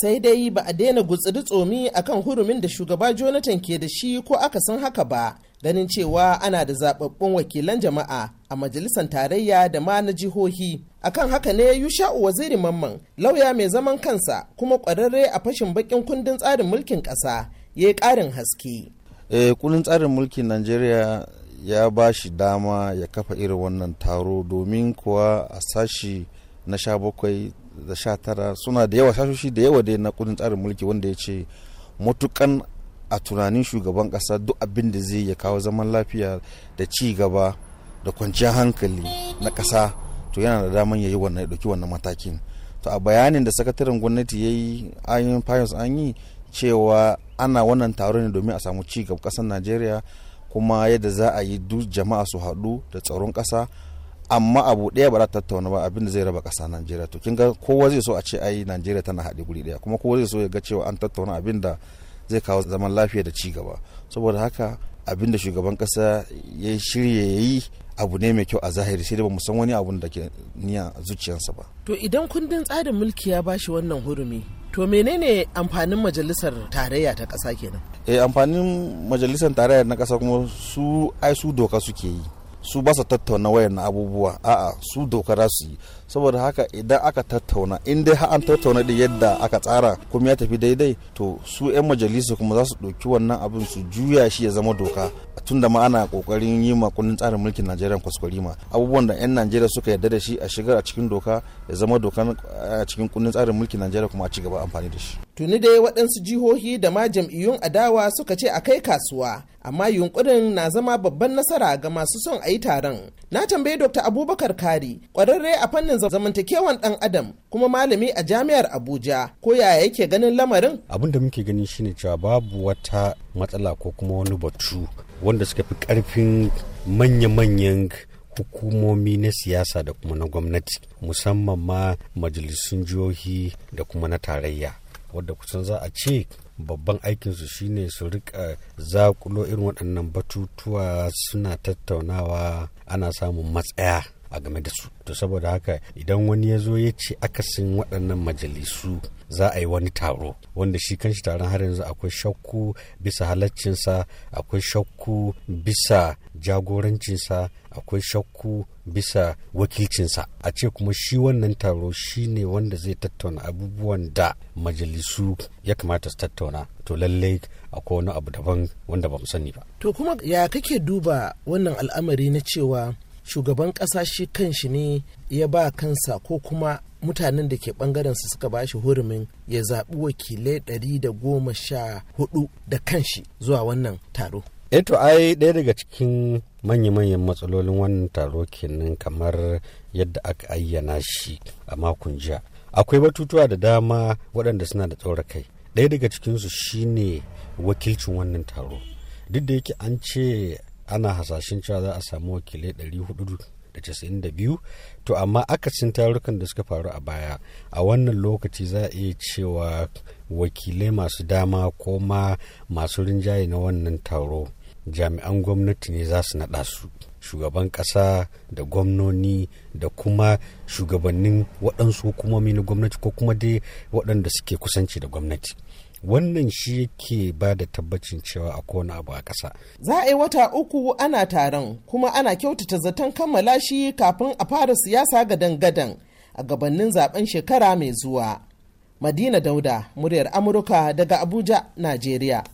sai dai ba a daina gutsiri tsomi akan hurumin da shugaba jonathan ke da shi ko aka san haka ba ganin cewa ana da zababbun wakilan jama'a a majalisar tarayya da ma na jihohi akan haka ne yusha'u waziri mamman lauya mai zaman kansa kuma kwararre a fashin bakin kundin tsarin mulkin ƙasa ya yi ƙarin haske eh, kundin tsarin mulkin najeriya ya ba shi dama ya kafa irin wannan taro domin kuwa a sashi na sha bakwai da sha tara suna da yawa sashoshi da yawa dai na kudin tsarin mulki wanda ya ce matukan a tunanin shugaban kasa duk abin da zai ya kawo zaman lafiya da ci gaba da kwanciyar hankali na kasa to yana da daman ya yi wannan ya ɗauki wannan matakin to a bayanin da sakataren gwamnati ya yi ayin fayos an yi cewa ana wannan taron ne domin a samu ci gaba kasar najeriya kuma yadda za a yi duk jama'a su haɗu da tsaron kasa. amma abu ɗaya ba za ta tattauna ba abin da zai raba ƙasa Najeriya to kin ga kowa zai so a ce ai Najeriya tana haɗe guri ɗaya kuma kowa zai so ya ga cewa an tattauna abin da zai kawo zaman lafiya da ci gaba saboda haka abin da shugaban ƙasa ya shirya ya yi abu ne mai kyau a zahiri sai dai bamu san wani abun da ke niya zuciyarsa ba to idan kundin tsarin mulki ya bashi wannan hurumi to menene amfanin majalisar tarayya ta ƙasa kenan eh amfanin majalisar tarayya na ƙasa kuma su ai su doka suke yi su ba su tattauna wayan abubuwa a'a su doka za su yi saboda haka idan aka tattauna in dai an tattauna da yadda aka tsara kuma ya tafi daidai to su 'yan majalisa kuma za su ɗauki wannan abin su juya shi ya zama doka tun da ma ana kokarin yi ma kundin tsarin mulkin najeriya kwaskwarima abubuwan da 'yan najeriya suka yarda da shi a shigar a cikin doka ya zama dokan a cikin kundin tsarin mulkin najeriya kuma a ci gaba amfani da shi tuni dai waɗansu jihohi da ma jam'iyyun adawa suka ce a kai kasuwa amma yunkurin na zama babban nasara ga masu son a yi taron na tambayi dr abubakar kari ƙwararre a fannin zamantakewan ɗan adam kuma malami a jami'ar abuja ko yaya yake ganin lamarin abin da muke gani shine cewa babu wata matsala ko kuma wani batu wanda suka fi ƙarfin manya-manyan hukumomi na siyasa da kuma na gwamnati musamman ma majalisun jihohi da kuma na tarayya wadda kusan za a ce babban aikinsu shine su rika zakulo irin waɗannan batutuwa suna tattaunawa ana samun matsaya a game da su to saboda haka idan wani ya zo ya ce akasin waɗannan majalisu za a yi wani taro wanda shi kanshi taron har yanzu akwai shakku bisa halaccinsa akwai shakku bisa jagorancinsa akwai shakku bisa wakilcinsa a ce kuma shi wannan taro shi ne wanda zai tattauna abubuwan da majalisu ya kamata su tattauna to lallai akwai wani abu daban wanda ba mu sani ba to kuma ya kake duba wannan al'amari na cewa shugaban ƙasa shi kanshi ne ya ba kansa ko kuma mutanen da ke bangaren su suka bashi hurumin ya zaɓi wakilai ɗari da goma sha hudu da kanshi zuwa wannan taro. Eto eh ai ɗaya daga cikin manya-manyan matsalolin wannan taro kenan kamar yadda aka ayyana shi a makon jiya. Akwai batutuwa da dama waɗanda suna da tsoron kai. Ɗaya daga cikinsu shine wakilcin wannan taro. Duk da yake an ce ana hasashen cewa za a samu wakilai hudu da 492 to amma akasin tarukan da suka faru a baya a wannan lokaci za a iya cewa wakilai masu dama ko ma masu rinjaye na wannan taro jami'an gwamnati ne za su naɗa su shugaban ƙasa da gwamnoni da kuma shugabannin waɗansu hukumomi na gwamnati ko kuma dai waɗanda suke kusanci da gwamnati wannan shi yake ba da tabbacin cewa a kowane abu a ƙasa. Za a yi wata uku ana taron kuma ana kyautata zaton kammala shi kafin a fara siyasa gadan-gadan a gabanin zaben shekara mai zuwa. Madina Dauda, muryar Amurka daga Abuja, Najeriya.